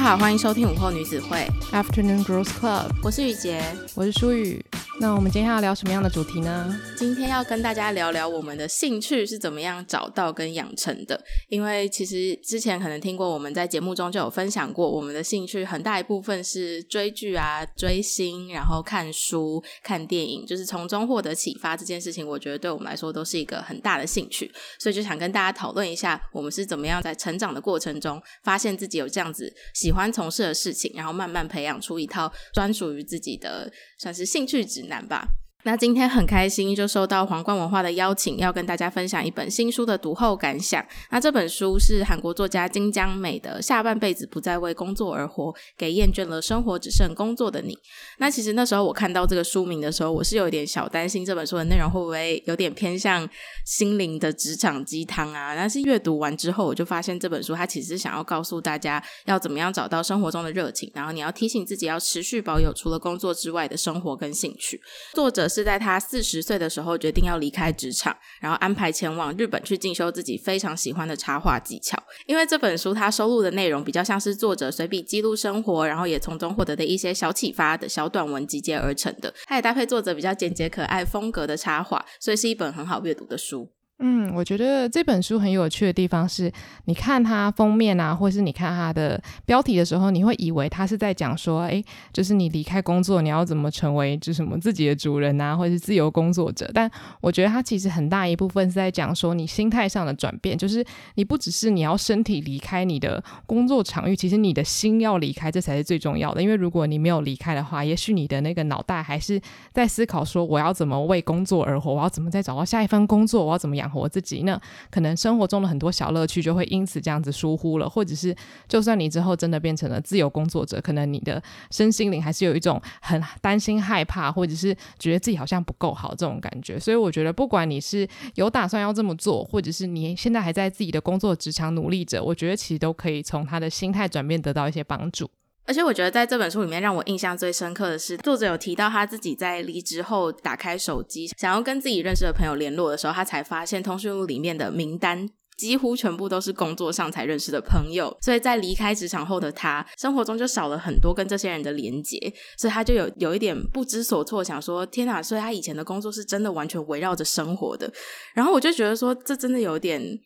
大家好，好，歡迎收聽午後女子會，Afternoon Girls Club。我是雨潔，我是舒雨。那我們今天要聊什麼樣的主題呢？今天要跟大家聊聊我們的興趣是怎麼樣找到跟養成的。因為其實之前可能聽過，我們在節目中就有分享過，我們的興趣很大一部分是追劇啊、追星，然後看書、看電影，就是從中獲得啟發。這件事情，我覺得對我們來說都是一個很大的興趣，所以就想跟大家討論一下，我們是怎麼樣在成長的過程中發現自己有這樣子喜歡從事的事情，然後慢慢培養出一套專屬於自己的，算是興趣值呢？難吧。那今天很開心，就收到皇冠文化的邀請，要跟大家分享一本新書的讀後感想。那這本書是韓國作家金江美的《下半輩子不再為工作而活》，給厭倦了生活只剩工作的你。那其實那時候我看到這個書名的時候，我是有一點小擔心，這本書的內容會不會有點偏向心靈的職場雞湯啊？但是閱讀完之後，我就發現這本書它其實想要告訴大家，要怎麼樣找到生活中的熱情，然後你要提醒自己要持續保有除了工作之外的生活跟興趣。作者，是在他四十歲的時候決定要離開職場，然後安排前往日本去進修自己非常喜歡的插畫技巧。因為這本書它收錄的內容比較像是作者隨筆記錄生活，然後也從中獲得的一些小啟發的小短文集結而成的。它也搭配作者比較簡潔可愛風格的插畫，所以是一本很好閱讀的書。嗯，我覺得這本書很有趣的地方是，你看它封面啊，或是你看它的標題的時候，你會以為它是在講說，哎，就是你離開工作，你要怎麼成為就什麼自己的主人吶、啊，或者是自由工作者。但我覺得它其實很大一部分是在講說你心態上的轉變，就是你不只是你要身體離開你的工作場域，其實你的心要離開，這才是最重要的。因為如果你沒有離開的話，也許你的那個腦袋還是在思考說，我要怎麼為工作而活，我要怎麼再找到下一份工作，我要怎麼樣。活自己呢，那可能生活中的很多小樂趣就會因此這樣子疏忽了，或者是就算你之後真的變成了自由工作者，可能你的身心靈還是有一種很擔心、害怕，或者是覺得自己好像不夠好這種感覺。所以我覺得，不管你是有打算要這麼做，或者是你現在還在自己的工作職場努力着，我覺得其實都可以從他的心態轉變得到一些幫助。而且我覺得在這本書裡面，讓我印象最深刻的是，作者有提到他自己在離職後打開手機，想要跟自己認識的朋友聯絡的時候，他才發現通訊錄裡面的名單幾乎全部都是工作上才認識的朋友，所以在離開職場後的他，生活中就少了很多跟這些人的連接，所以他就有有一點不知所措，想說天哪！所以他以前的工作是真的完全圍繞着生活的，然後我就覺得說，這真的有點。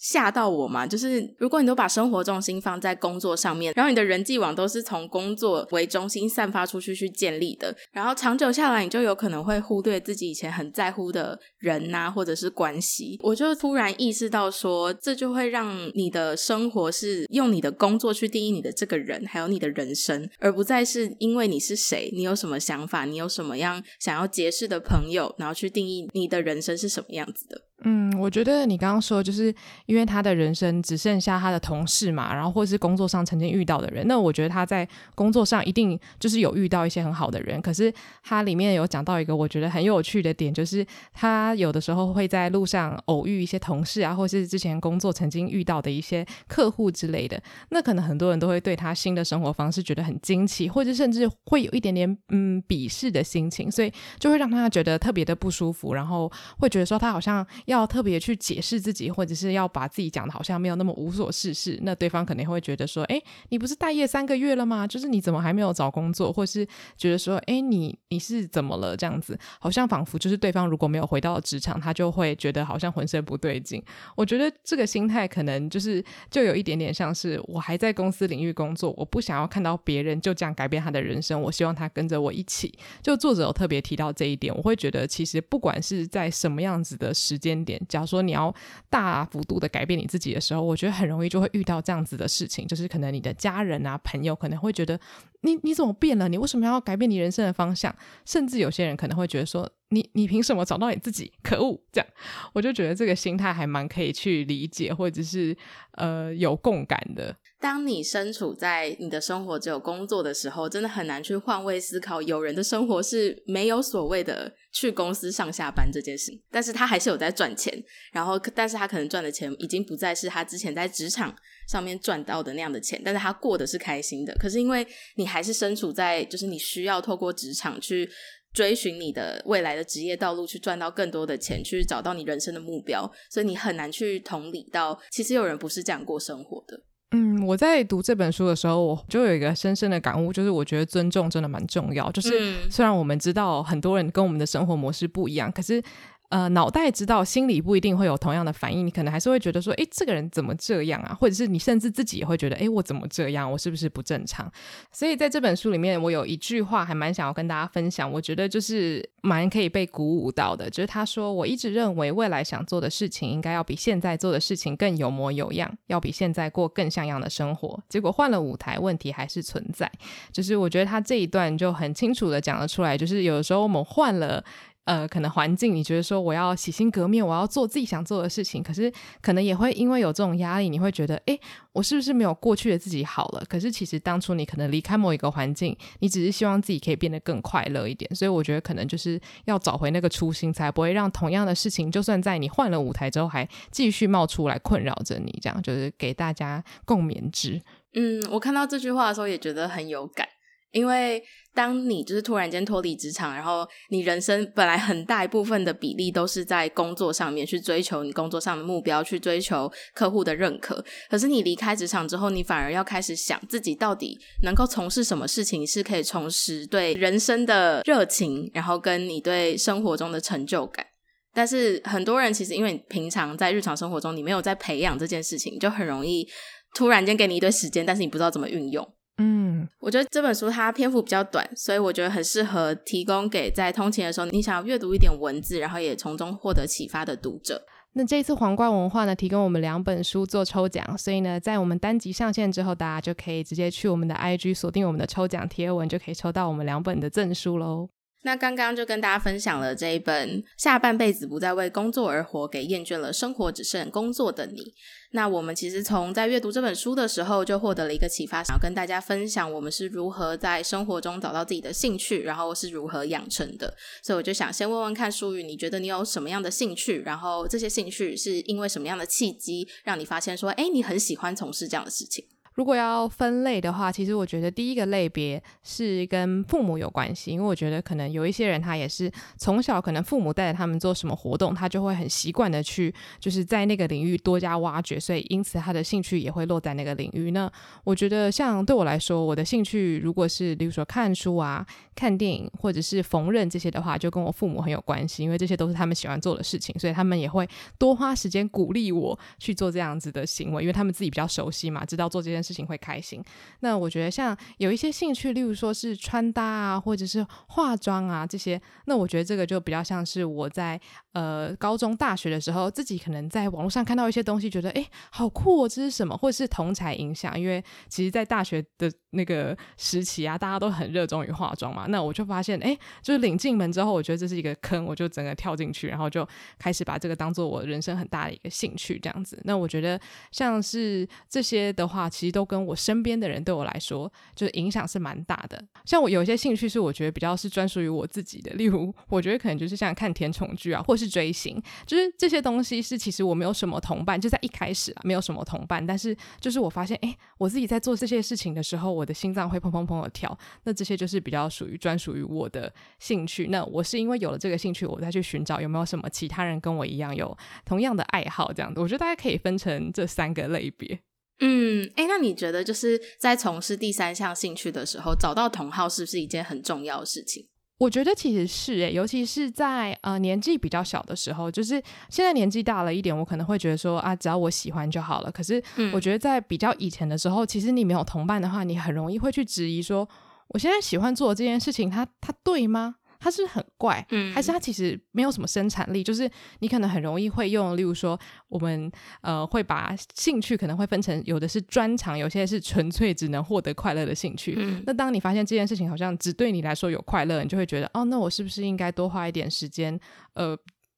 嚇到我嘛，就是如果你都把生活重心放在工作上面，然後你的人際網都是從工作為中心散發出去去建立的，然後長久下來，你就有可能會忽略自己以前很在乎的人吶、啊，或者是關係。我就突然意識到說，說這就會讓你的生活是用你的工作去定義你的這個人，還有你的人生，而不再是因為你是誰，你有什麼想法，你有什麼樣想要結識的朋友，然後去定義你的人生是什麼樣子的。嗯，我覺得你剛剛說，就是因為他的人生只剩下他的同事嘛，然後或是工作上曾經遇到的人。那我覺得他在工作上一定就是有遇到一些很好的人。可是他裡面有講到一個我覺得很有趣的點，就是他有的時候會在路上偶遇一些同事啊，或是之前工作曾經遇到的一些客戶之類的。那可能很多人都會對他新的生活方式覺得很驚奇，或者是甚至會有一點點嗯鄙視的心情，所以就會讓他覺得特別的不舒服，然後會覺得說他好像。要特別去解釋自己，或者是要把自己講的好像沒有那麼無所事事，那對方可能會覺得說：“哎，你不是待業三個月了嗎？就是你怎麼還沒有找工作？”或是覺得說：“哎，你你是怎麼了？”這樣子，好像仿佛就是對方如果沒有回到職場，他就會覺得好像渾身不對勁。我覺得這個心態可能就是就有一點點像是我還在公司領域工作，我不想要看到別人就這樣改變他的人生。我希望他跟着我一起。就作者有特別提到這一點，我會覺得其實不管是在什麼樣子的時間。點，假如說你要大幅度的改變你自己的時候，我覺得很容易就會遇到這樣子的事情，就是可能你的家人啊、朋友可能會覺得你你怎麼變了？你為什麼要改變你人生的方向？甚至有些人可能會覺得說你你憑什麼找到你自己？可惡！這樣，我就覺得這個心態還蠻可以去理解，或者是呃有共感的。當你身處在你的生活只有工作的時候，真的很難去換位思考。有人的生活是沒有所謂的去公司上下班這件事，但是他還是有在賺錢。然後，但是他可能賺的錢已經不再是他之前在職場上面賺到的那樣的錢，但是他過的是開心的。可是，因為你還是身處在就是你需要透過職場去追尋你的未來的職業道路，去賺到更多的錢，去找到你人生的目標，所以你很難去同理到，其實有人不是這樣過生活的。嗯，我在讀這本書的時候，我就有一個深深的感悟，就是我覺得尊重真的蠻重要。就是雖然我們知道很多人跟我們的生活模式不一樣，可是，呃，腦袋知道，心裡不一定會有同樣的反應。你可能還是會覺得說，誒，這個人怎麼這樣啊？或者是你甚至自己也會覺得，誒，我怎麼這樣？我是不是不正常？所以在這本書裡面，我有一句話還蠻想要跟大家分享，我覺得就是蠻可以被鼓舞到的。就是他說，我一直認為未來想做的事情應該要比現在做的事情更有模有樣，要比現在過更像樣的生活。結果換了舞台，問題還是存在。就是我覺得他這一段就很清楚的講了出來，就是有時候我們換了。呃，可能環境，你覺得說我要洗心革面，我要做自己想做的事情，可是可能也會因為有這種壓力，你會覺得，誒，我是不是沒有過去的自己好了？可是其實當初你可能離開某一個環境，你只是希望自己可以變得更快樂一點。所以我覺得可能就是要找回那個初心，才不會讓同樣的事情，就算在你換了舞台之後，還繼續冒出來困擾着你。這樣就是給大家共勉之。嗯，我看到這句話的時候也覺得很有感。因為當你就是突然間脫離職場，然後你人生本來很大一部分的比例都是在工作上面去追求你工作上的目標，去追求客戶的認可。可是你離開職場之後，你反而要開始想自己到底能夠從事什麼事情，是可以從事對人生的熱情，然後跟你對生活中的成就感。但是很多人其實因為平常在日常生活中你沒有在培養這件事情，就很容易突然間給你一堆時間，但是你不知道怎麼運用。嗯，我覺得這本書它篇幅比較短，所以我覺得很適合提供給在通勤的時候，你想要閱讀一點文字，然後也從中獲得啟發的讀者。那這次皇冠文化呢，提供我們兩本書做抽獎，所以呢，在我們單集上線之後，大家就可以直接去我們的 IG 鎖定我們的抽獎貼文，就可以抽到我們兩本的贈書嘍。那剛剛就跟大家分享了這一本《下半輩子不再為工作而活》，給厭倦了生活只剩工作的你。那我們其實從在閱讀這本書的時候就獲得了一個啟發，想要跟大家分享我們是如何在生活中找到自己的興趣，然後是如何養成的。所以我就想先問問看，書宇，你覺得你有什麼樣的興趣？然後這些興趣是因為什麼樣的契機讓你發現說，哎，你很喜歡從事這樣的事情？如果要分類的話，其實我覺得第一個類別是跟父母有關係，因為我覺得可能有一些人他也是從小可能父母帶着他們做什麼活動，他就會很習慣的去就是在那個領域多加挖掘，所以因此他的興趣也會落在那個領域。那我覺得像對我來說，我的興趣如果是比如說看書啊、看電影或者是縫紉這些的話，就跟我父母很有關係，因為這些都是他們喜歡做的事情，所以他們也會多花時間鼓勵我去做這樣子的行為，因為他們自己比較熟悉嘛，知道做這些。事情會開心。那我覺得像有一些興趣，例如說是穿搭啊，或者是化妝啊這些，那我覺得這個就比較像是我在，呃，高中、大學的時候，自己可能在網絡上看到一些東西，覺得哎、欸，好酷哦、喔，這是什麼？或者是同儕影響？因為其實，在大學的那個時期啊，大家都很熱衷於化妝嘛。那我就發現，哎、欸，就是領進門之後，我覺得這是一個坑，我就整個跳進去，然後就開始把這個當做我人生很大的一個興趣這樣子。那我覺得，像是這些的話，其實都跟我身邊的人，對我來說，就是影響是蠻大的。像我有一些興趣，是我覺得比較是專屬於我自己的，例如，我覺得可能就是像看甜寵劇啊，或。是追星，就是這些東西是其實我沒有什麼同伴，就在一開始啊，沒有什麼同伴。但是就是我發現，哎、欸，我自己在做這些事情的時候，我的心臟會砰砰砰的跳。那這些就是比較屬於專屬於我的興趣。那我是因為有了這個興趣，我再去尋找有沒有什麼其他人跟我一樣有同樣的愛好，這樣子。我覺得大家可以分成這三個類別。嗯，哎、欸，那你覺得就是在從事第三項興趣的時候，找到同好是不是一件很重要的事情？我覺得其實是誒、欸，尤其是在呃年紀比較小的時候，就是現在年紀大了一點，我可能會覺得說啊，只要我喜歡就好了。可是我覺得在比較以前的時候，嗯、其實你沒有同伴的話，你很容易會去質疑說，我現在喜歡做的這件事情，它它對嗎？他是很怪，還是他其實沒有什麼生產力？嗯，就是你可能很容易會用，例如說我們呃會把興趣可能會分成有的是專長，有些是純粹只能獲得快樂的興趣。嗯，那當你發現這件事情好像只對你來說有快樂，你就會覺得哦，那我是不是應該多花一點時間呃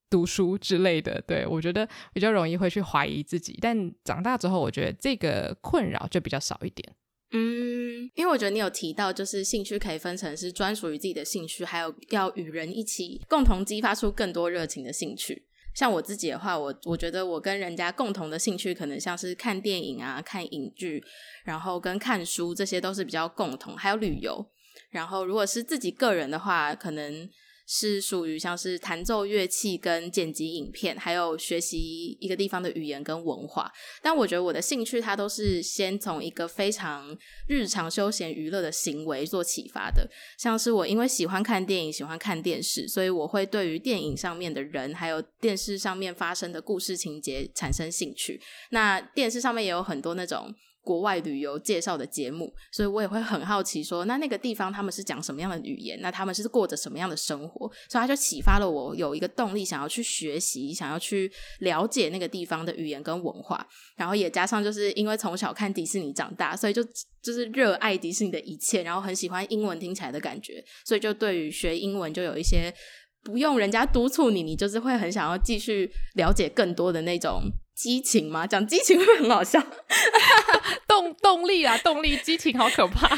讀書之類的？對，我覺得比較容易會去懷疑自己，但長大之後，我覺得這個困擾就比較少一點。嗯，因為我覺得你有提到，就是興趣可以分成是專屬於自己的興趣，還有要與人一起共同激發出更多熱情的興趣。像我自己的話，我我覺得我跟人家共同的興趣，可能像是看電影啊、看影劇，然後跟看書，這些都是比較共同，還有旅遊。然後如果是自己個人的話，可能，是屬於像是彈奏樂器跟剪輯影片，還有學習一個地方的語言跟文化。但我覺得我的興趣，它都是先從一個非常日常休閒娛樂的行為做啟發的。像是我因為喜歡看電影，喜歡看電視，所以我會對於電影上面的人，還有電視上面發生的故事情節產生興趣。那電視上面也有很多那種。國外旅遊介紹的節目，所以我也會很好奇說，說那那個地方他們是講什麼樣的語言，那他們是過着什麼樣的生活，所以他就啟發了我有一個動力，想要去學習，想要去了解那個地方的語言跟文化。然後也加上就是因為從小看迪士尼長大，所以就就是熱愛迪士尼的一切，然後很喜歡英文聽起來的感覺，所以就對於學英文就有一些不用人家督促你，你就是會很想要繼續了解更多的那種。激情嘛，講激情會不會很好笑。 動動力啊，動力，激情好可怕。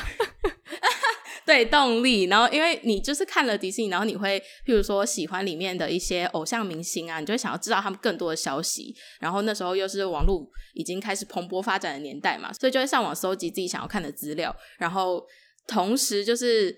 對，動力。然後，因為你就是看了迪士尼，然後你會，譬如說喜歡裡面的一些偶像明星啊，你就想要知道他們更多的消息。然後那時候又是網絡已經開始蓬勃發展的年代嘛，所以就會上網搜集自己想要看的資料。然後同時就是，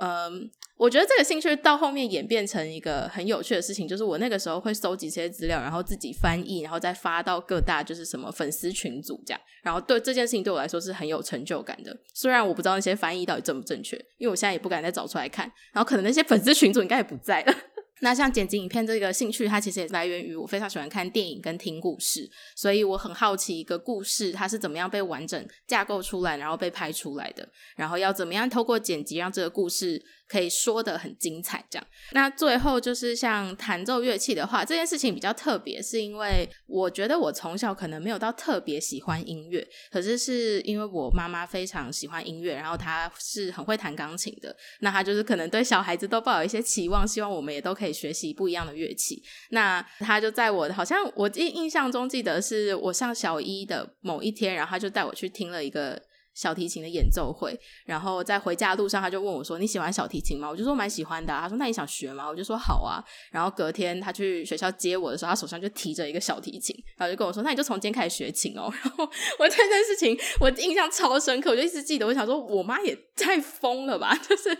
嗯、呃。我覺得這個興趣到後面演變成一個很有趣的事情，就是我那個時候會搜集這些資料，然後自己翻譯，然後再發到各大就是什麼粉絲群組這樣。然後對，這件事情對我來說是很有成就感的，雖然我不知道那些翻譯到底正不正確，因為我現在也不敢再找出來看。然後可能那些粉絲群組應該也不在了。 那像剪輯影片這個興趣，它其實也來源於我非常喜歡看電影跟聽故事，所以我很好奇一個故事它是怎麼樣被完整架構出來，然後被拍出來的，然後要怎麼樣透過剪輯讓這個故事。可以說得很精彩，這樣。那最後就是像彈奏樂器的話，這件事情比較特別，是因為我覺得我從小可能沒有到特別喜歡音樂，可是是因為我媽媽非常喜歡音樂，然後她是很會彈鋼琴的，那她就是可能對小孩子都抱有一些期望，希望我們也都可以學習不一樣的樂器。那她就在我好像我記印象中記得是，我上小一的某一天，然後她就帶我去聽了一個。小提琴的演奏會，然後在回家的路上，他就問我說：“你喜歡小提琴嗎？”我就說：“蠻喜歡的啊。”他說：“那你想學嗎？”我就說：“好啊。”然後隔天他去學校接我的時候，他手上就提着一個小提琴，然後就跟我說：“那你就從今天開始學琴哦。”然後我對這件事情我印象超深刻，我就一直記得。我想說，我媽也太瘋了吧！就是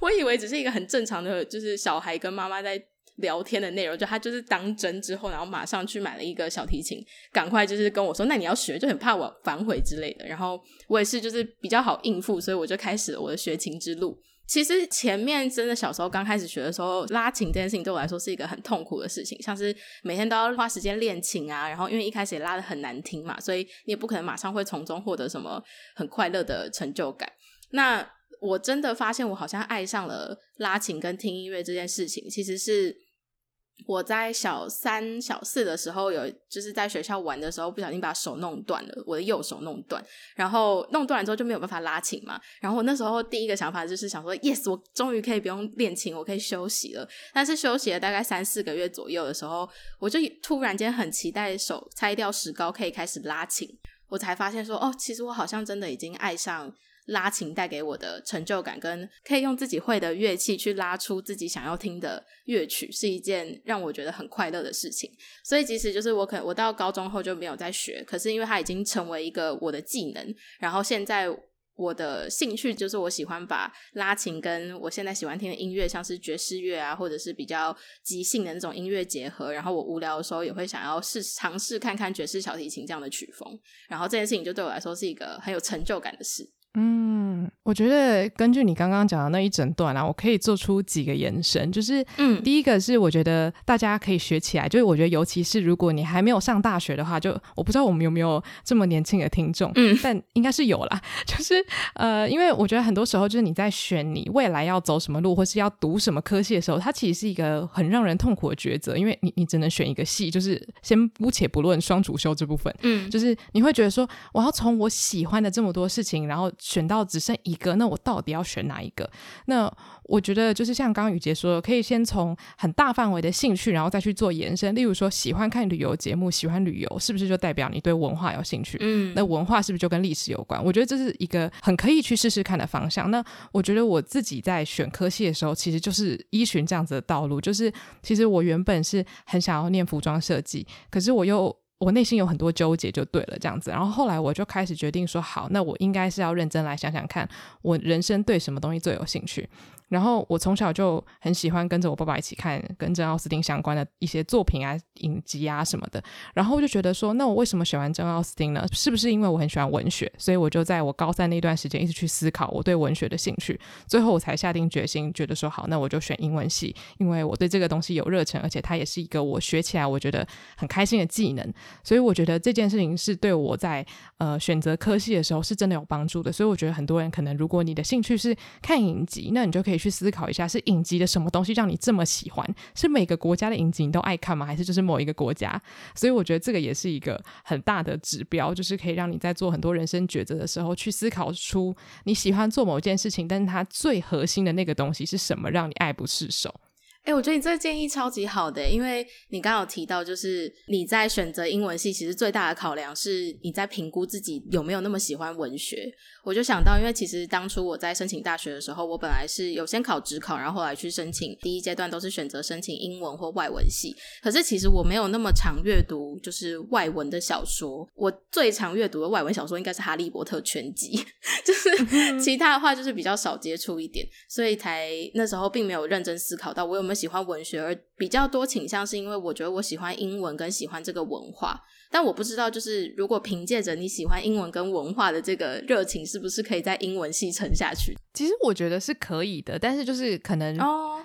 我以為只是一個很正常的，就是小孩跟媽媽在。聊天的內容，就他就是當真之後，然後馬上去買了一個小提琴，趕快就是跟我說：“那你要學，就很怕我反悔之類的。”然後我也是就是比較好應付，所以我就開始了我的學琴之路。其實前面真的小時候剛開始學的時候，拉琴這件事情對我來說是一個很痛苦的事情，像是每天都要花時間練琴啊，然後因為一開始也拉得很難聽嘛，所以你也不可能馬上會從中獲得什麼很快樂的成就感。那我真的發現，我好像愛上了拉琴跟聽音樂這件事情。其實是我在小三、小四的時候有，有就是在學校玩的時候，不小心把手弄斷了，我的右手弄斷。然後弄斷了之後就沒有辦法拉琴嘛。然後那時候第一個想法就是想說，yes，我終於可以不用練琴，我可以休息了。但是休息了大概三四個月左右的時候，我就突然間很期待手拆掉石膏可以開始拉琴。我才發現說，哦，其實我好像真的已經愛上。拉琴帶給我的成就感，跟可以用自己會的樂器去拉出自己想要聽的樂曲，是一件讓我覺得很快樂的事情。所以，即使就是我可，我到高中後就沒有再學，可是因為它已經成為一個我的技能。然後，現在我的興趣就是我喜歡把拉琴跟我現在喜歡聽的音樂，像是爵士樂啊，或者是比較即興的那種音樂結合。然後，我無聊的時候也會想要試，嘗試看看爵士小提琴這樣的曲風。然後，這件事情就對我來說是一個很有成就感的事。嗯，我覺得根據你剛剛講的那一整段啊，我可以做出幾個延伸，就是，嗯，第一個是我覺得大家可以學起來，嗯，就是我覺得尤其是如果你還沒有上大學的話，就我不知道我們有沒有這麼年輕的聽眾，嗯，但應該是有啦。就是，呃，因為我覺得很多時候就是你在選你未來要走什麼路，或是要讀什麼科系的時候，它其實是一個很讓人痛苦的抉擇，因為你你只能選一個系，就是先姑且不論雙主修這部分，嗯，就是你會覺得說我要從我喜歡的這麼多事情，然後選到只剩一個，那我到底要選哪一個？那我覺得就是像剛剛雨傑說的，可以先從很大範圍的興趣，然後再去做延伸。例如說，喜歡看旅遊節目，喜歡旅遊，是不是就代表你對文化有興趣？嗯，那文化是不是就跟歷史有關？我覺得這是一個很可以去試試看的方向。那我覺得我自己在選科系的時候，其實就是依循這樣子的道路。就是其實我原本是很想要念服裝設計，可是我又。我內心有很多糾結，就對了這樣子。然後後來我就開始決定說，好，那我應該是要認真來想想看，我人生對什麼東西最有興趣。然後我從小就很喜歡跟着我爸爸一起看跟珍奧斯汀相關的一些作品啊、影集啊什麼的。然後我就覺得說，那我為什麼喜歡珍奧斯汀呢？是不是因為我很喜歡文學？所以我就在我高三那段時間一直去思考我對文學的興趣。最後我才下定決心，覺得說好，那我就選英文系，因為我對這個東西有熱忱，而且它也是一個我學起來我覺得很開心的技能。所以我覺得這件事情是對我在呃選擇科系的時候是真的有幫助的。所以我覺得很多人可能，如果你的興趣是看影集，那你就可以。去思考一下，是影集的什麼東西讓你這麼喜歡？是每個國家的影集你都愛看嗎？還是就是某一個國家？所以我覺得這個也是一個很大的指標，就是可以讓你在做很多人生抉擇的時候，去思考出你喜歡做某件事情，但是它最核心的那個東西是什麼，讓你愛不釋手。哎、欸，我覺得你這個建議超級好的，因為你剛有提到，就是你在選擇英文系，其實最大的考量是你在評估自己有沒有那麼喜歡文學。我就想到，因為其實當初我在申請大學的時候，我本來是有先考指考，然後後來去申請第一階段都是選擇申請英文或外文系。可是其實我沒有那麼常閱讀，就是外文的小說。我最常閱讀的外文小說應該是《哈利波特》全集，就是嗯嗯其他的話就是比較少接觸一點，所以才那時候並沒有認真思考到我有沒有。我喜歡文學而比較多傾向，是因為我覺得我喜歡英文跟喜歡這個文化，但我不知道，就是如果憑借着你喜歡英文跟文化的這個熱情，是不是可以在英文系撐下去？其實我覺得是可以的，但是就是可能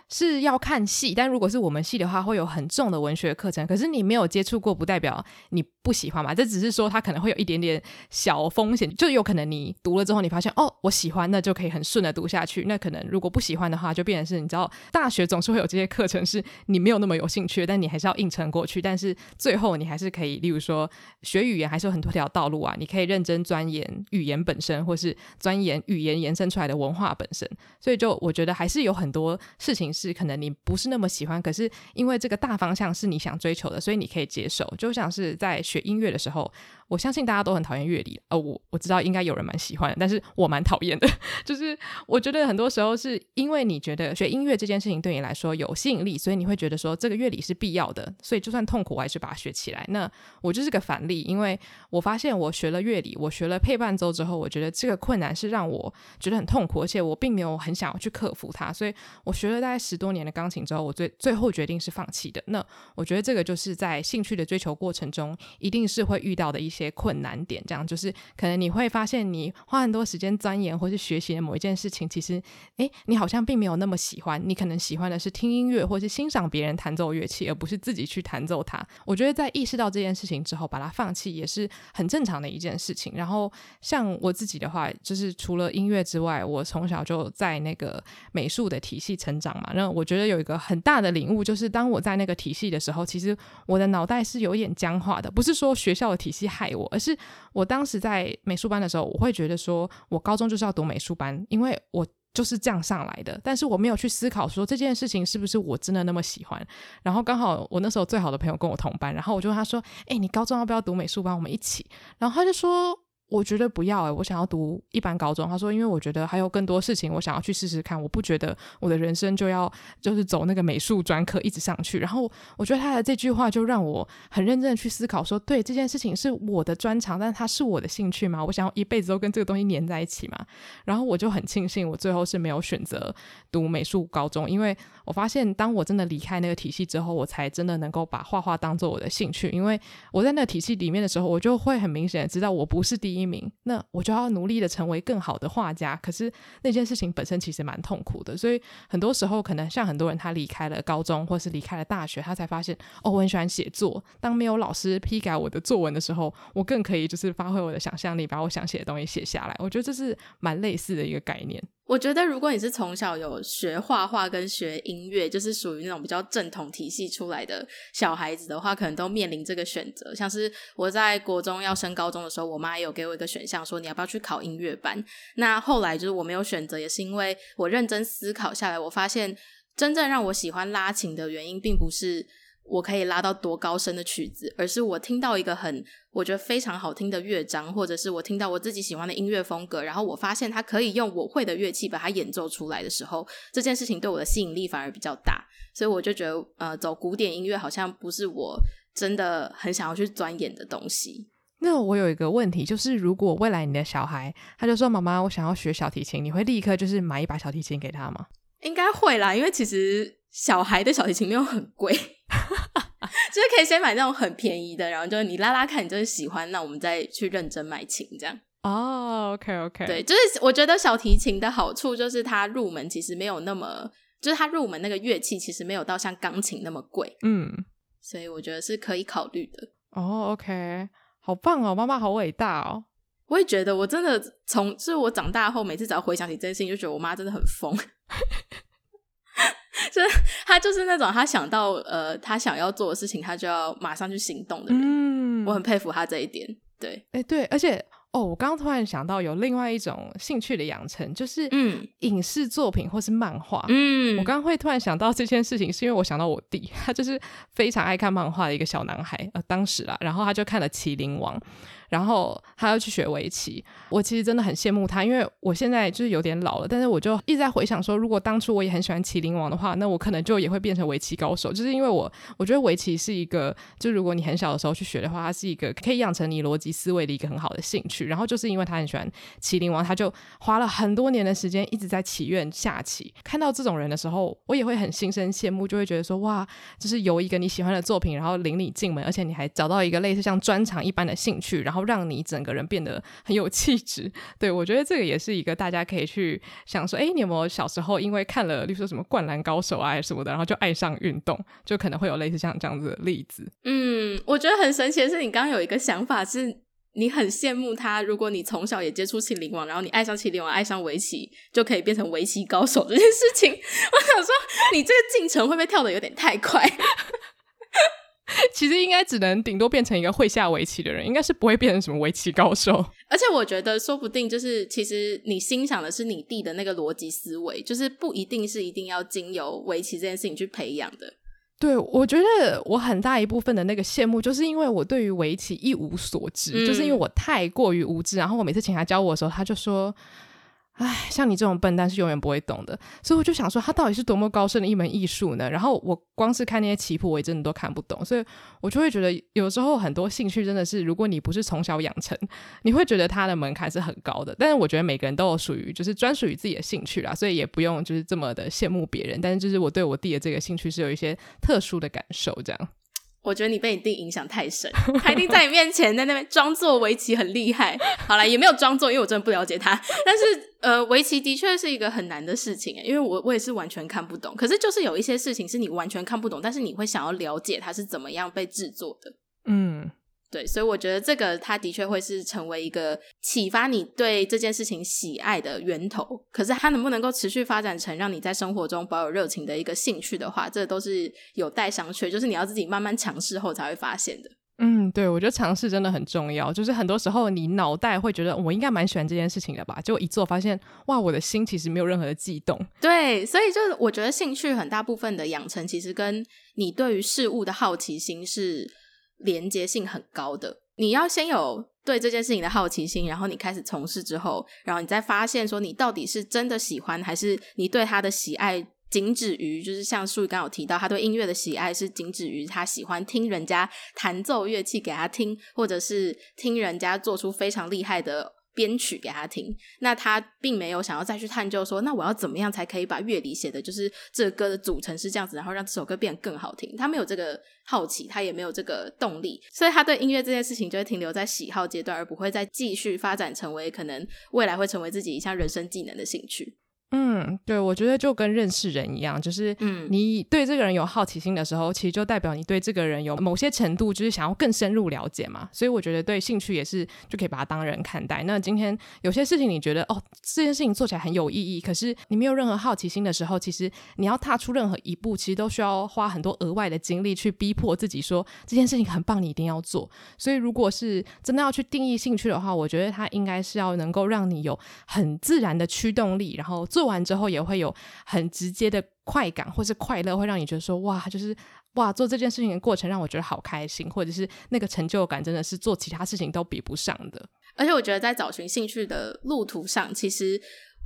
是要看系，oh. 但如果是我們系的話，會有很重的文學課程。可是你沒有接觸過，不代表你不喜歡嘛。這只是說它可能會有一點點小風險，就有可能你讀了之後，你發現哦，我喜歡，那就可以很順的讀下去。那可能如果不喜歡的話，就變成是你知道，大學總是會有這些課程，是你沒有那麼有興趣，但你還是要硬撐過去。但是最後你還是可以，例如說學語言，還是有很多條道路啊。你可以認真鑽研語言本身，或是鑽研語言延伸出來的文化。化本身，所以就我覺得還是有很多事情是可能你不是那麼喜歡，可是因為這個大方向是你想追求的，所以你可以接受。就像是在學音樂的時候，我相信大家都很討厭樂理哦、呃，我我知道應該有人蠻喜歡，但是我蠻討厭的。就是我覺得很多時候是因為你覺得學音樂這件事情對你來說有吸引力，所以你會覺得說這個樂理是必要的，所以就算痛苦我還是把它學起來。那我就是個反例，因為我發現我學了樂理，我學了配伴奏之後，我覺得這個困難是讓我覺得很痛苦。而且我並沒有很想要去克服它，所以我學了大概十多年的鋼琴之後，我最最後決定是放棄的。那我覺得這個就是在興趣的追求過程中，一定是會遇到的一些困難點。這樣就是可能你會發現，你花很多時間鑽研或是學習的某一件事情，其實，哎，你好像並沒有那麼喜歡。你可能喜歡的是聽音樂或是欣賞別人彈奏樂器，而不是自己去彈奏它。我覺得在意識到這件事情之後，把它放棄也是很正常的一件事情。然後像我自己的話，就是除了音樂之外，我從從小就在那個美術的體系成長嘛，然後我覺得有一個很大的領悟，就是當我在那個體系的時候，其實我的腦袋是有點僵化的。不是說學校的體系害我，而是我當時在美術班的時候，我會覺得說我高中就是要讀美術班，因為我就是這樣上來的。但是我沒有去思考說這件事情是不是我真的那麼喜歡。然後剛好我那時候最好的朋友跟我同班，然後我就問他說：“誒，你高中要不要讀美術班？我們一起。”然後他就說。我覺得不要哎、欸，我想要讀一般高中。他說，因為我覺得還有更多事情我想要去試試看。我不覺得我的人生就要就是走那個美術專科一直上去。然後我覺得他的這句話就讓我很認真的去思考說，說對這件事情是我的專長，但它是我的興趣嗎？我想要一輩子都跟這個東西粘在一起嗎？然後我就很慶幸，我最後是沒有選擇讀美術高中，因為我發現當我真的離開那個體系之後，我才真的能夠把畫畫當作我的興趣。因為我在那個體系裡面的時候，我就會很明顯的知道我不是第一一名，那我就要努力的成為更好的畫家。可是那件事情本身其實蠻痛苦的，所以很多時候可能像很多人，他離開了高中或是離開了大學，他才發現哦，我很喜歡寫作。當沒有老師批改我的作文的時候，我更可以就是發揮我的想象力，把我想寫的東西寫下來。我覺得這是蠻類似的一個概念。我覺得，如果你是從小有學畫畫跟學音樂，就是屬於那種比較正統體系出來的小孩子的話，可能都面臨這個選擇。像是我在國中要升高中的時候，我媽也有給我一個選項，說你要不要去考音樂班。那後來就是我沒有選擇，也是因為我認真思考下來，我發現真正讓我喜歡拉琴的原因並不是，我可以拉到多高深的曲子，而是我聽到一個很我覺得非常好聽的樂章，或者是我聽到我自己喜歡的音樂風格，然後我發現它可以用我會的樂器把它演奏出來的時候，這件事情對我的吸引力反而比較大。所以我就覺得，呃，走古典音樂好像不是我真的很想要去鑽研的東西。那我有一個問題，就是如果未來你的小孩他就說媽媽，我想要學小提琴，你會立刻就是買一把小提琴給他嗎？應該會啦，因為其實小孩的小提琴沒有很貴。 就是可以先買那種很便宜的，然後就是你拉拉看，你就是喜歡，那我們再去認真買琴這樣。哦、oh,，OK OK，對，就是我覺得小提琴的好處就是它入門其實沒有那麼，就是它入門那個樂器其實沒有到像鋼琴那麼貴。嗯，所以我覺得是可以考慮的。哦、oh,，OK，好棒哦，媽媽好偉大哦。我也覺得，我真的從就是我長大後每次只要回想起真心，就覺得我媽真的很瘋。 就是他，就是那種他想到呃，他想要做的事情，他就要馬上去行動的人。嗯，我很佩服他這一點。對，哎，欸、對，而且哦，我剛剛突然想到有另外一種興趣的養成，就是嗯，影視作品或是漫畫。嗯，我剛剛會突然想到這件事情，是因為我想到我弟，他就是非常愛看漫畫的一個小男孩。呃，當時啊，然後他就看了《棋靈王》。然後他要去學圍棋，我其實真的很羨慕他，因為我現在就是有點老了，但是我就一直在回想說，如果當初我也很喜歡《麒麟王》的話，那我可能就也會變成圍棋高手。就是因為我，我覺得圍棋是一個，就如果你很小的時候去學的話，它是一個可以養成你邏輯思維的一個很好的興趣。然後就是因為他很喜歡《麒麟王》，他就花了很多年的時間一直在祈願下棋。看到這種人的時候，我也會很心生羨慕，就會覺得說，哇，就是有一個你喜歡的作品，然後領你進門，而且你還找到一個類似像專場一般的興趣，然後。然後讓你整個人變得很有氣質，對，我覺得這個也是一個大家可以去想說，哎，你有沒有小時候因為看了，例如說什麼灌籃高手啊什麼的，然後就愛上運動，就可能會有類似像這樣子的例子。嗯，我覺得很神奇的是，你剛剛有一個想法，是你很羨慕他，如果你從小也接觸《棋靈王》，然後你愛上《棋靈王》，愛上圍棋，就可以變成圍棋高手這件事情。 我想說，你這個進程會不會跳得有點太快？ 其實應該只能頂多變成一個會下圍棋的人，應該是不會變成什麼圍棋高手。而且我覺得，說不定就是其實你欣賞的是你弟的那個邏輯思維，就是不一定是一定要經由圍棋這件事情去培養的。對，我覺得我很大一部分的那個羨慕，就是因為我對於圍棋一無所知，嗯、就是因為我太過於無知。然後我每次請他教我的時候，他就說唉，像你這種笨蛋是永遠不會懂的，所以我就想說，他到底是多麼高深的一門藝術呢？然後我光是看那些棋譜，我也真的都看不懂，所以我就會覺得，有時候很多興趣真的是，如果你不是從小養成，你會覺得它的門檻是很高的。但是我覺得每個人都有屬於，就是專屬於自己的興趣啦，所以也不用就是這麼的羨慕別人。但是就是我對我弟的這個興趣是有一些特殊的感受，這樣。我覺得你被你定影響太深，還一定在你面前在那邊裝作圍棋很厲害。好了，也沒有裝作，因為我真的不了解他。但是呃，圍棋的確是一個很難的事情，欸，因為我我也是完全看不懂。可是就是有一些事情是你完全看不懂，但是你會想要了解它是怎麼樣被制作的。嗯。對，所以我覺得這個它的確會是成為一個啟發你對這件事情喜愛的源頭。可是它能不能夠持續發展成讓你在生活中保有熱情的一個興趣的話，這都是有待商榷，就是你要自己慢慢嘗試後才會發現的。嗯，對，我覺得嘗試真的很重要。就是很多時候你腦袋會覺得我應該蠻喜歡這件事情的吧，結果一做發現，哇，我的心其實沒有任何的悸動。對，所以就是我覺得興趣很大部分的養成，其實跟你對於事物的好奇心是連接性很高的，你要先有對這件事情的好奇心，然後你開始從事之後，然後你再發現說，你到底是真的喜歡，還是你對他的喜愛僅止於，就是像樹雨剛剛有提到，他對音樂的喜愛是僅止於他喜歡聽人家彈奏樂器給他聽，或者是聽人家做出非常厲害的。編曲給他聽，那他並沒有想要再去探究說，那我要怎麼樣才可以把樂理寫的，就是這個歌的組成是這樣子，然後讓這首歌變得更好聽。他沒有這個好奇，他也沒有這個動力，所以他對音樂這件事情就會停留在喜好階段，而不會再繼續發展成為可能未來會成為自己一項人生技能的興趣。嗯，對，我覺得就跟認識人一樣，就是，嗯，你對這個人有好奇心的時候，嗯，其實就代表你對這個人有某些程度，就是想要更深入了解嘛。所以我覺得對興趣也是就可以把它當人看待。那今天有些事情你覺得，哦，這件事情做起來很有意義，可是你沒有任何好奇心的時候，其實你要踏出任何一步，其實都需要花很多額外的精力去逼迫自己說這件事情很棒，你一定要做。所以如果是真的要去定義興趣的話，我覺得它應該是要能夠讓你有很自然的驅動力，然後。做完之後也會有很直接的快感，或是快樂，會讓你覺得說：“哇，就是哇，做這件事情的過程讓我覺得好開心，或者是那個成就感真的是做其他事情都比不上的。”而且我覺得在找尋興趣的路途上，其實。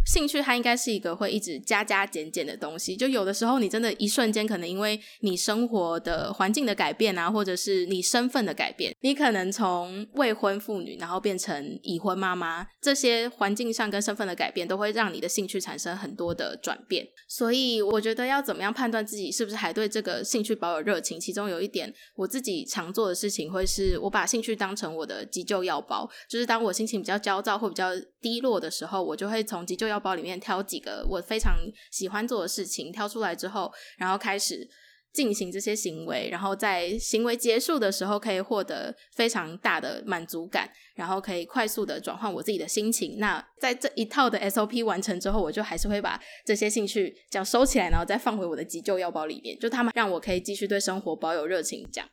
興趣它應該是一個會一直加加減減的東西，就有的時候你真的，一瞬間可能因為你生活的環境的改變啊，或者是你身份的改變，你可能從未婚婦女然後變成已婚媽媽，這些環境上跟身份的改變，都會讓你的興趣產生很多的轉變。所以我覺得要怎麼樣判斷自己是不是還對這個興趣保有熱情？其中有一點，我自己常做的事情會是我把興趣當成我的急救藥包，就是當我心情比較焦躁或比較低落的時候，我就會從急救藥包裡面挑幾個我非常喜歡做的事情，挑出來之後，然後開始進行這些行為，然後在行為結束的時候，可以獲得非常大的滿足感，然後可以快速的轉換我自己的心情。那在這一套的 SOP 完成之後，我就還是會把這些興趣這樣收起來，然後再放回我的急救藥包裡面，就他們讓我可以繼續對生活保有熱情這樣。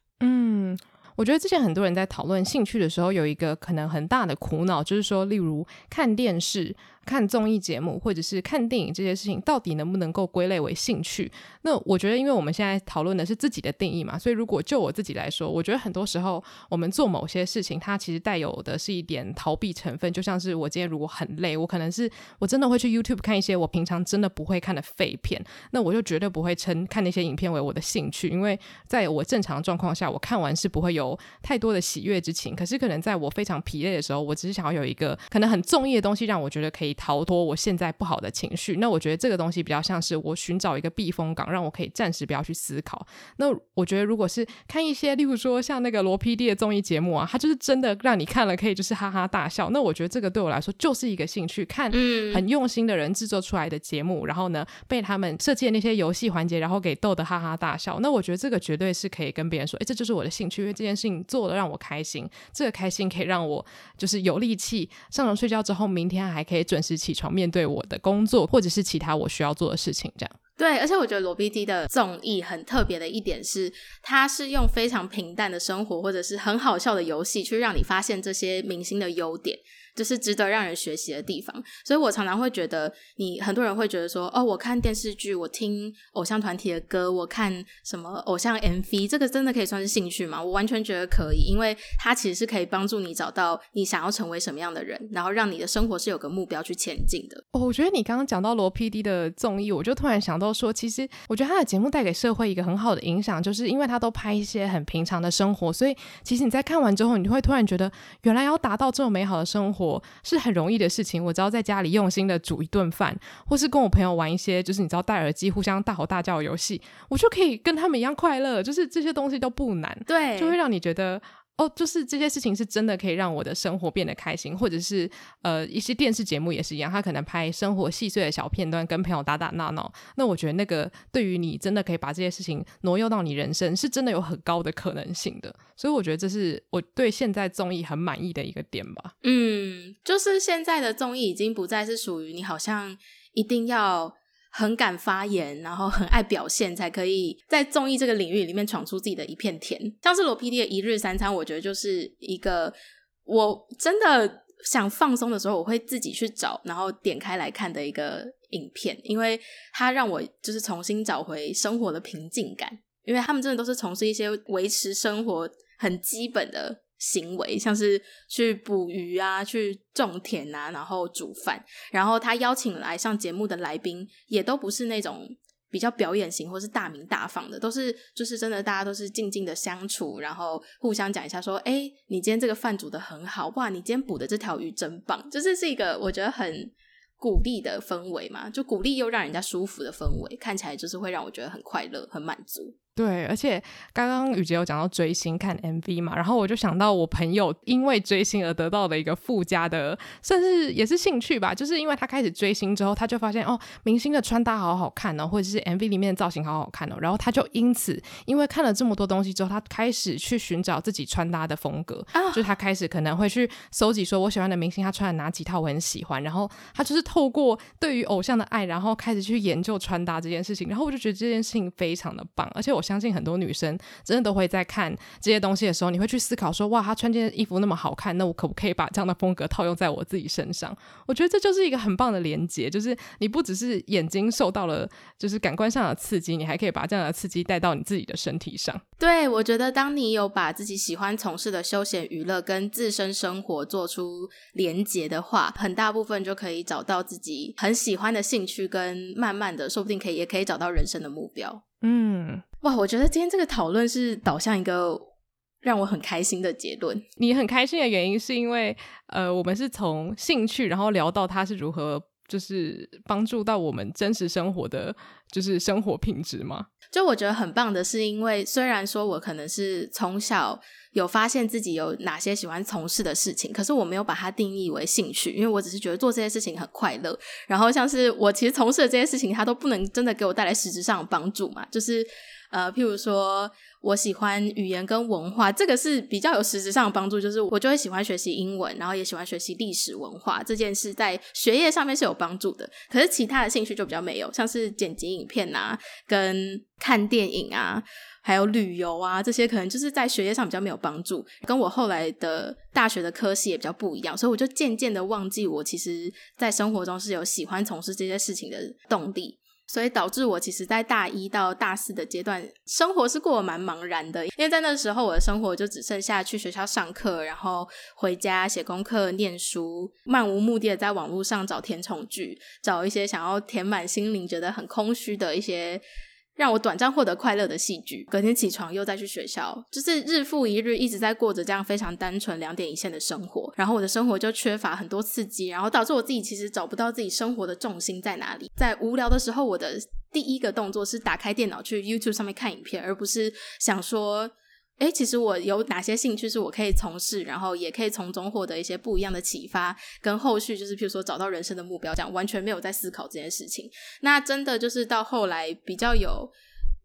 我覺得之前很多人在討論興趣的時候，有一個可能很大的苦惱，就是說，例如看電視、看綜藝節目或者是看電影這些事情，到底能不能夠歸類為興趣？那我覺得，因為我們現在討論的是自己的定義嘛，所以如果就我自己來說，我覺得很多時候我們做某些事情，它其實帶有的是一點逃避成分。就像是我今天如果很累，我可能是我真的會去 YouTube 看一些我平常真的不會看的廢片，那我就絕對不會稱看那些影片為我的興趣，因為在我正常的狀況下，我看完是不會有。太多的喜悅之情，可是可能在我非常疲累的時候，我只是想要有一個可能很綜藝的東西，讓我覺得可以逃脫我現在不好的情緒。那我覺得這個東西比較像是我尋找一個避風港，讓我可以暫時不要去思考。那我覺得如果是看一些，例如說像那個羅 PD 的綜藝節目啊，它就是真的讓你看了可以就是哈哈大笑。那我覺得這個對我來說就是一個興趣，看很用心的人制作出來的節目，然後呢被他們設計的那些遊戲環節，然後給逗得哈哈大笑。那我覺得這個絕對是可以跟別人說，哎，這就是我的興趣，因為這件。性做的讓我開心，這個開心可以讓我就是有力氣上床睡覺之後，明天還可以準時起床面對我的工作或者是其他我需要做的事情。這樣對，而且我覺得羅 PD 的綜藝很特別的一點是，他是用非常平淡的生活或者是很好笑的遊戲去讓你發現這些明星的優點。就是值得讓人學習的地方，所以我常常會覺得你，你很多人會覺得說，哦，我看電視劇，我聽偶像團體的歌，我看什麼偶像 MV，這個真的可以算是興趣嗎？我完全覺得可以，因為它其實是可以幫助你找到你想要成為什麼樣的人，然後讓你的生活是有個目標去前進的。哦，我覺得你剛剛講到羅 PD 的綜藝，我就突然想到說，其實我覺得他的節目帶給社會一個很好的影響，就是因為他都拍一些很平常的生活，所以其實你在看完之後，你會突然覺得，原來要達到這種美好的生活。是很容易的事情，我只要在家裡用心的煮一頓飯，或是跟我朋友玩一些，就是你知道戴耳機互相大吼大叫的遊戲，我就可以跟他們一樣快樂，就是這些東西都不難，對，就會讓你覺得。哦，就是這些事情是真的可以讓我的生活變得開心，或者是呃一些電視節目也是一樣，他可能拍生活細碎的小片段，跟朋友打打鬧鬧，那我覺得那個對於你真的可以把這些事情挪用到你人生，是真的有很高的可能性的，所以我覺得這是我對現在綜藝很滿意的一個點吧。嗯，就是現在的綜藝已經不再是屬於你，好像一定要。很敢發言，然後很愛表現，才可以在綜藝這個領域裡面闖出自己的一片天。像是羅 PD 的一日三餐，我覺得就是一個我真的想放鬆的時候，我會自己去找，然後點開來看的一個影片，因為它讓我就是重新找回生活的平靜感。因為他們真的都是從事一些維持生活很基本的。行為像是去捕魚啊，去種田啊，然後煮飯。然後他邀請來上節目的來賓，也都不是那種比較表演型或是大鳴大放的，都是就是真的，大家都是靜靜的相處，然後互相講一下說：“誒、欸，你今天這個飯煮得很好，哇，你今天捕的這條魚真棒。”就是是一個我覺得很鼓勵的氛圍嘛，就鼓勵又讓人家舒服的氛圍，看起來就是會讓我覺得很快樂、很滿足。對，而且剛剛雨潔有講到追星看 MV 嘛，然後我就想到我朋友因為追星而得到的一個附加的，甚至也是興趣吧，就是因為他開始追星之後，他就發現哦，明星的穿搭好好看哦，或者是 MV 裡面的造型好好看哦，然後他就因此因為看了這麼多東西之後，他開始去尋找自己穿搭的風格，啊、就他開始可能會去搜集說，我喜歡的明星他穿了哪幾套我很喜歡，然後他就是透過對於偶像的愛，然後開始去研究穿搭這件事情，然後我就覺得這件事情非常的棒，而且我。我相信很多女生真的都會在看這些東西的時候，你會去思考說：哇，她穿這件衣服那麼好看，那我可不可以把這樣的風格套用在我自己身上？我覺得這就是一個很棒的連接，就是你不只是眼睛受到了，就是感官上的刺激，你還可以把這樣的刺激帶到你自己的身體上。對，我覺得當你有把自己喜歡從事的休閒娛樂跟自身生活做出連接的話，很大部分就可以找到自己很喜歡的興趣，跟慢慢的，說不定可以也可以找到人生的目標。嗯，哇！我覺得今天這個討論是導向一個讓我很開心的結論。你很開心的原因是因為，呃，我們是從興趣，然後聊到他是如何，就是幫助到我們真實生活的就是生活品質嘛。就我覺得很棒的是，因為雖然說我可能是從小。有發現自己有哪些喜歡從事的事情，可是我沒有把它定義為興趣，因為我只是覺得做這些事情很快樂。然後像是我其實從事的這些事情，它都不能真的給我帶來實質上的幫助嘛，就是。呃，譬如說，我喜歡語言跟文化，這個是比較有實質上的幫助，就是我就會喜歡學習英文，然後也喜歡學習歷史文化，這件事在學業上面是有幫助的。可是其他的興趣就比較沒有，像是剪輯影片啊、跟看電影啊、還有旅遊啊，這些可能就是在學業上比較沒有幫助，跟我後來的大學的科系也比較不一樣，所以我就漸漸的忘記我其實在生活中是有喜歡從事這些事情的動力。所以導致我其實，在大一到大四的階段，生活是過得蠻茫然的。因為在那時候，我的生活就只剩下去學校上課，然後回家寫功課、念書，漫無目的的在網絡上找填充劇，找一些想要填滿心靈、覺得很空虛的一些。讓我短暫獲得快樂的戲劇，隔天起床又再去學校，就是日復一日，一直在過着這樣非常單純兩點一線的生活。然後我的生活就缺乏很多刺激，然後導致我自己其實找不到自己生活的重心在哪裡。在無聊的時候，我的第一個動作是打開電腦去 YouTube 上面看影片，而不是想說。誒，其實我有哪些興趣是我可以從事，然後也可以從中獲得一些不一樣的啟發，跟後續就是譬如說找到人生的目標，這樣完全沒有在思考這件事情。那真的就是到後來比較有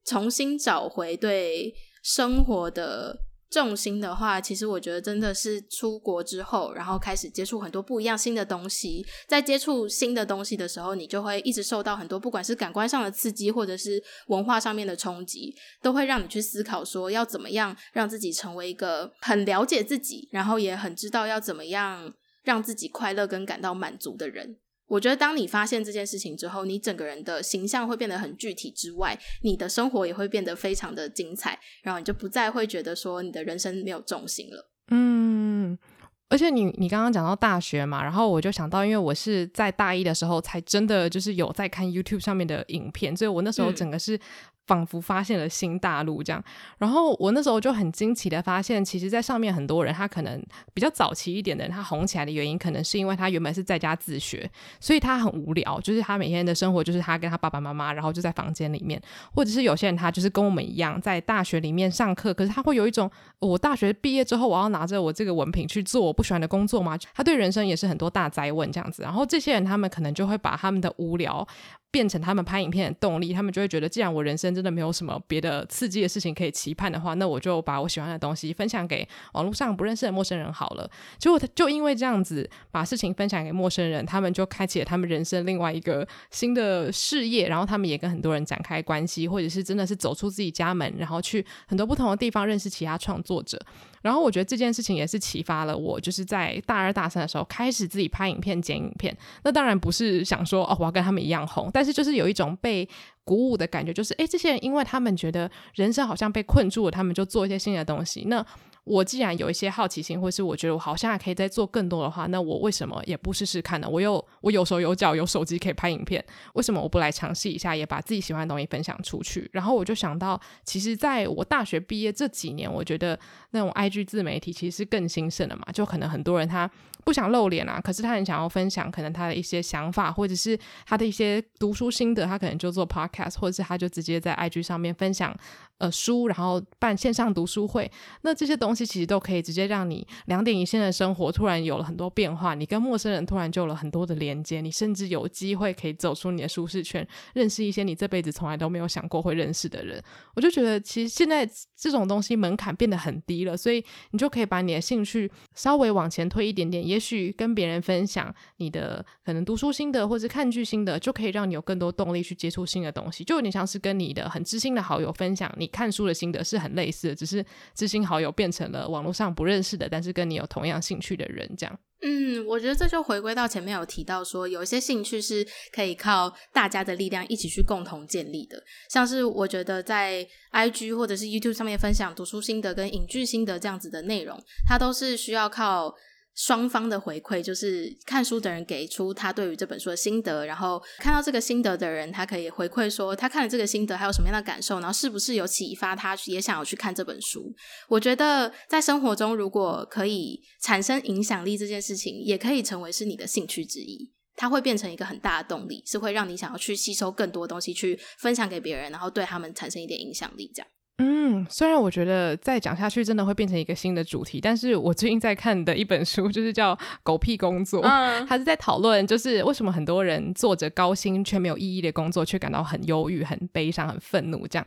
重新找回對生活的。重心的話，其實我覺得真的是出國之後，然後開始接觸很多不一樣新的東西。在接觸新的東西的時候，你就會一直受到很多，不管是感官上的刺激，或者是文化上面的衝擊，都會讓你去思考說要怎麼樣讓自己成為一個很了解自己，然後也很知道要怎麼樣讓自己快樂跟感到滿足的人。我覺得，當你發現這件事情之後，你整個人的形象會變得很具體之外，你的生活也會變得非常的精彩，然後你就不再會覺得說你的人生沒有重心了。嗯，而且你你剛剛講到大學嘛，然後我就想到，因為我是在大一的時候才真的就是有在看 YouTube 上面的影片，所以我那時候整個是、嗯。仿佛發現了新大陸這樣，然後我那時候就很驚奇地發現，其實，在上面很多人，他可能比較早期一點的人，他紅起來的原因，可能是因為他原本是在家自學，所以他很無聊，就是他每天的生活就是他跟他爸爸媽媽，然後就在房間裡面，或者是有些人他就是跟我們一樣，在大學裡面上課，可是他會有一種，我大學畢業之後，我要拿着我這個文憑去做我不喜歡的工作嗎？他對人生也是很多大哉問這樣子，然後這些人他們可能就會把他們的無聊，變成他們拍影片的動力，他們就會覺得，既然我人生真的沒有什麼別的刺激的事情可以期盼的話，那我就把我喜歡的東西分享給網絡上不認識的陌生人好了。結果他就因為這樣子把事情分享給陌生人，他們就開啟了他們人生另外一個新的事業，然後他們也跟很多人展開關係，或者是真的是走出自己家門，然後去很多不同的地方認識其他創作者。然後我覺得這件事情也是啟發了我，就是在大二大三的時候開始自己拍影片剪影片。那當然不是想說哦，我要跟他們一樣紅，但但是就是有一種被鼓舞的感覺，就是哎，這些人因為他們覺得人生好像被困住了，他們就做一些新的東西。那我既然有一些好奇心，或是我覺得我好像還可以再做更多的話，那我為什麼也不試試看呢？我又我有手有腳，有手機可以拍影片，為什麼我不來嘗試一下，也把自己喜歡的東西分享出去？然後我就想到，其實在我大學畢業這幾年，我覺得那種 IG 自媒體其實是更興盛的嘛，就可能很多人他。不想露臉啊，可是他很想要分享，可能他的一些想法，或者是他的一些讀書心得，他可能就做 podcast，或者是他就直接在 IG 上面分享。呃，書，然後辦線上讀書會，那這些東西其實都可以直接讓你兩點一線的生活突然有了很多變化。你跟陌生人突然就有了很多的連接，你甚至有機會可以走出你的舒適圈，認識一些你這輩子從來都沒有想過會認識的人。我就覺得，其實現在這種東西門檻變得很低了，所以你就可以把你的興趣稍微往前推一點點，也許跟別人分享你的可能讀書心得，或是看劇心得，就可以讓你有更多動力去接觸新的東西。就有點像是跟你的很知心的好友分享你。看書的心得是很類似的，只是知心好友變成了網絡上不認識的，但是跟你有同樣興趣的人，這樣。嗯，我覺得這就回歸到前面有提到說，有一些興趣是可以靠大家的力量一起去共同建立的，像是我覺得在 IG 或者是 YouTube 上面分享讀書心得跟影劇心得這樣子的內容，它都是需要靠。雙方的回饋，就是看書的人給出他對於這本書的心得，然後看到這個心得的人，他可以回饋說他看了這個心得，還有什麼樣的感受，然後是不是有啟發，他也想要去看這本書。我覺得在生活中，如果可以產生影響力這件事情，也可以成為是你的興趣之一，它會變成一個很大的動力，是會讓你想要去吸收更多東西，去分享給別人，然後對他們產生一點影響力這樣。嗯，雖然我覺得再講下去真的會變成一個新的主題，但是我最近在看的一本書就是叫《狗屁工作》，嗯，它是在討論就是為什麼很多人做着高薪卻沒有意義的工作，卻感到很憂鬱、很悲傷、很憤怒這樣。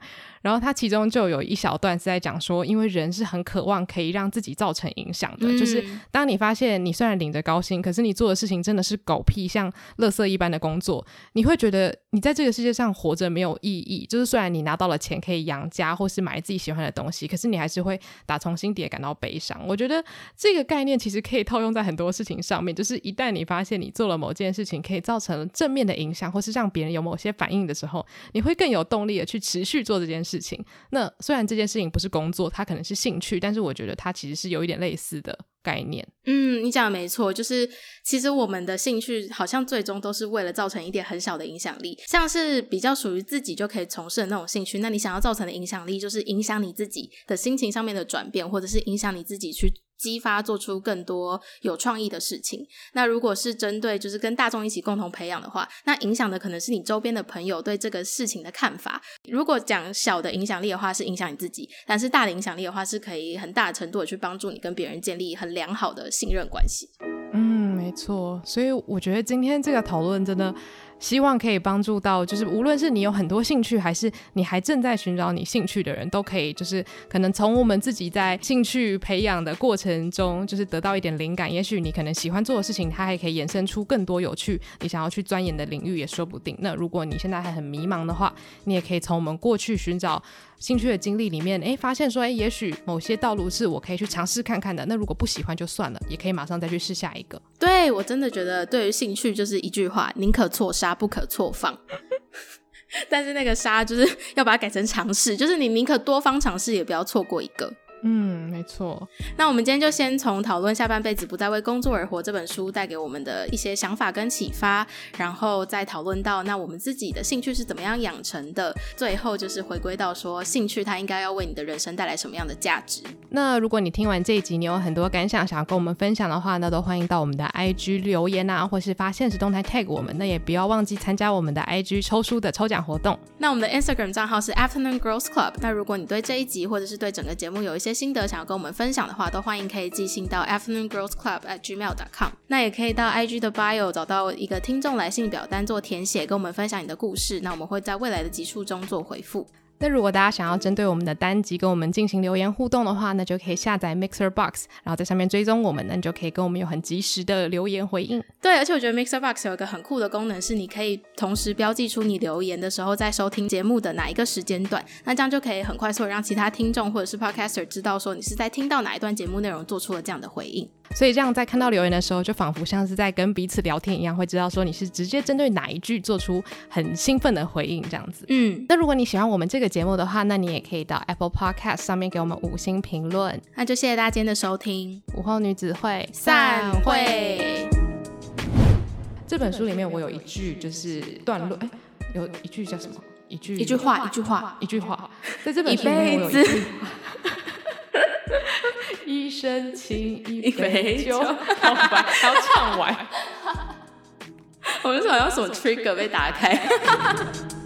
然後他其中就有一小段是在講說，因為人是很渴望可以讓自己造成影響的，就是當你發現你雖然領着高薪，可是你做的事情真的是狗屁，像垃圾一般的工作，你會覺得你在這個世界上活着沒有意義。就是雖然你拿到了錢可以養家，或是買自己喜歡的東西，可是你還是會打從心底也感到悲傷。我覺得這個概念其實可以套用在很多事情上面，就是一旦你發現你做了某件事情可以造成正面的影響，或是讓別人有某些反應的時候，你會更有動力的去持續做這件事。事情，那雖然這件事情不是工作，它可能是興趣，但是我覺得它其實是有一點類似的概念。嗯，你講的沒錯，就是其實我們的興趣好像最終都是為了造成一點很小的影響力，像是比較屬於自己就可以從事的那種興趣，那你想要造成的影響力，就是影響你自己的心情上面的轉變，或者是影響你自己去。激發做出更多有創意的事情。那如果是針對就是跟大眾一起共同培養的話，那影響的可能是你周邊的朋友對這個事情的看法。如果講小的影響力的話，是影響你自己，但是大的影響力的話，是可以很大程度的去幫助你跟別人建立很良好的信任關係。嗯，沒錯。所以我覺得今天這個討論真的。嗯希望可以幫助到，就是無論是你有很多興趣，還是你還正在尋找你興趣的人，都可以，就是可能從我們自己在興趣培養的過程中，就是得到一點靈感。也許你可能喜歡做的事情，它還可以衍生出更多有趣你想要去鑽研的領域，也說不定。那如果你現在還很迷茫的話，你也可以從我們過去尋找。興趣的經歷裡面，哎、欸，發現說，哎、欸，也許某些道路是我可以去嘗試看看的。那如果不喜歡就算了，也可以馬上再去試下一個。對，我真的覺得，對於興趣就是一句話，寧可錯殺，不可錯放。 但是那個殺就是要把它改成嘗試，就是你寧可多方嘗試，也不要錯過一個。嗯，沒錯。那我們今天就先從討論《下半輩子不再為工作而活》這本書帶給我們的一些想法跟啟發，然後再討論到那我們自己的興趣是怎麼樣養成的，最後就是回歸到說興趣它應該要為你的人生帶來什麼樣的價值。那如果你聽完這一集，你有很多感想想要跟我們分享的話，那都歡迎到我們的 IG 留言啊，或是發限時動態 tag 我們。那也不要忘記參加我們的 IG 抽書的抽獎活動。那我們的 Instagram 賬號是 Afternoon Girls Club。那如果你對這一集或者是對整個節目有一些些心得想要跟我們分享的話，都歡迎可以寄信到 afternoongirlsclub@gmail.com 那也可以到 IG 的 bio 找到一個聽眾來信表單做填寫，跟我們分享你的故事，那我們會在未來的集數中做回覆。那如果大家想要針對我們的單集跟我們進行留言互動的話，那就可以下載 Mixer Box，然後在上面追蹤我們，那你就可以跟我們有很及時的留言回應。嗯、對，而且我覺得 Mixer Box 有一個很酷的功能是，你可以同時標記出你留言的時候在收聽節目的哪一個時間段，那這樣就可以很快速讓其他聽眾或者是 Podcaster 知道說你是在聽到哪一段節目內容做出了這樣的回應。所以這樣，在看到留言的時候，就仿佛像是在跟彼此聊天一樣，會知道說你是直接針對哪一句做出很興奮的回應，這樣子。嗯。那如果你喜歡我們這個節目的話，那你也可以到 Apple Podcast 上面給我們五星評論。那就謝謝大家今天的收聽。午後女子會散會。散會，這本書裡面，我有一句就是段落，哎、欸，有一句叫什麼？一句一句話，一句話，好好一句話。在這本書裡面，一輩子 一身輕，一杯酒。好吧，要唱完。 我們好像什麼 trigger 被打開。